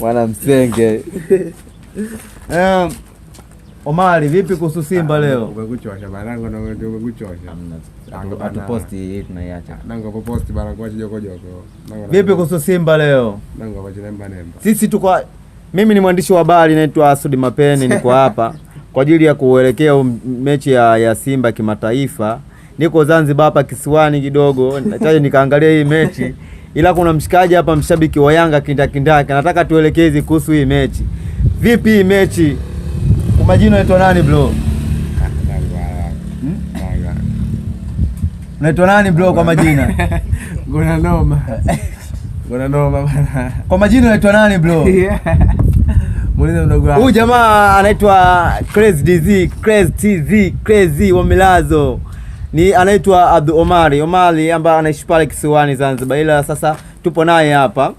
Bwana msenge. Um, Omari vipi kuhusu Simba leo? Ah, umekuchosha bana, umekuchosha. Hamna. post hii tunaiacha. Nango post bana kwa joko joko. Vipi kuhusu Simba leo? Nango kwa nemba nemba. Sisi tuko mimi ni mwandishi wa habari naitwa Asudi Mapeni niko hapa kwa ajili ya kuelekea um, mechi ya, ya Simba kimataifa. Niko Zanzibar hapa kisiwani kidogo, nitaje nikaangalia hii mechi ila kuna mshikaji hapa, mshabiki wa Yanga kindakindaki, anataka tuelekeze kuhusu hii mechi. Vipi hii mechi? Kwa majina unaitwa nani bro? Hmm? Unaitwa nani bro kwa majina? Gona noma. Gona noma bana. Kwa majina unaitwa nani bro? Muulize mdogo wangu. Huyu jamaa anaitwa Crazy DZ, Crazy TV, Crazy wa Milazo ni anaitwa Abdu Omari Omari ambaye anaishi pale kisiwani Zanzibar, ila sasa tupo naye hapa,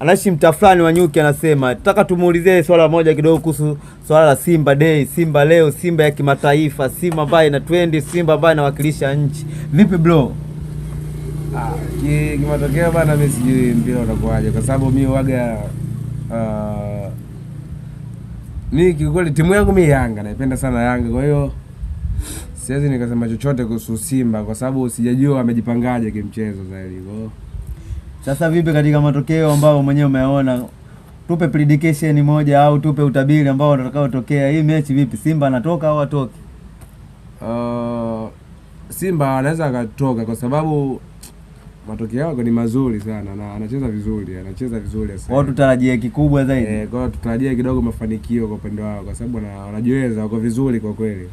anaishi mtaa fulani wa Nyuki. Anasema nataka tumuulizie swala moja kidogo kuhusu swala la Simba Day, Simba leo, Simba ya kimataifa, Simba ambaye ina twendi, Simba ambaye inawakilisha nchi. Vipi bro? Ah, kimatokeo bana, mimi sijui mpira utakuwaje kwa sababu mimi waga uh, ah, mimi kiukweli timu yangu mimi Yanga naipenda sana Yanga, kwa hiyo siwezi nikasema chochote kuhusu Simba kwa sababu sijajua amejipangaje kimchezo zaidi. Sasa vipi katika matokeo ambayo mwenyewe umeona, tupe prediction moja au tupe utabiri ambao utakaotokea hii mechi. Vipi, Simba anatoka au atoke? Uh, Simba anaweza akatoka kwa sababu matokeo yako ni mazuri sana na anacheza vizuri, anacheza vizuri sana. Kwao tutarajie kikubwa zaidi. Eh, kwao tutarajie kidogo mafanikio kwa upande wao, kwa sababu wanajiweza, wako vizuri kwa kweli.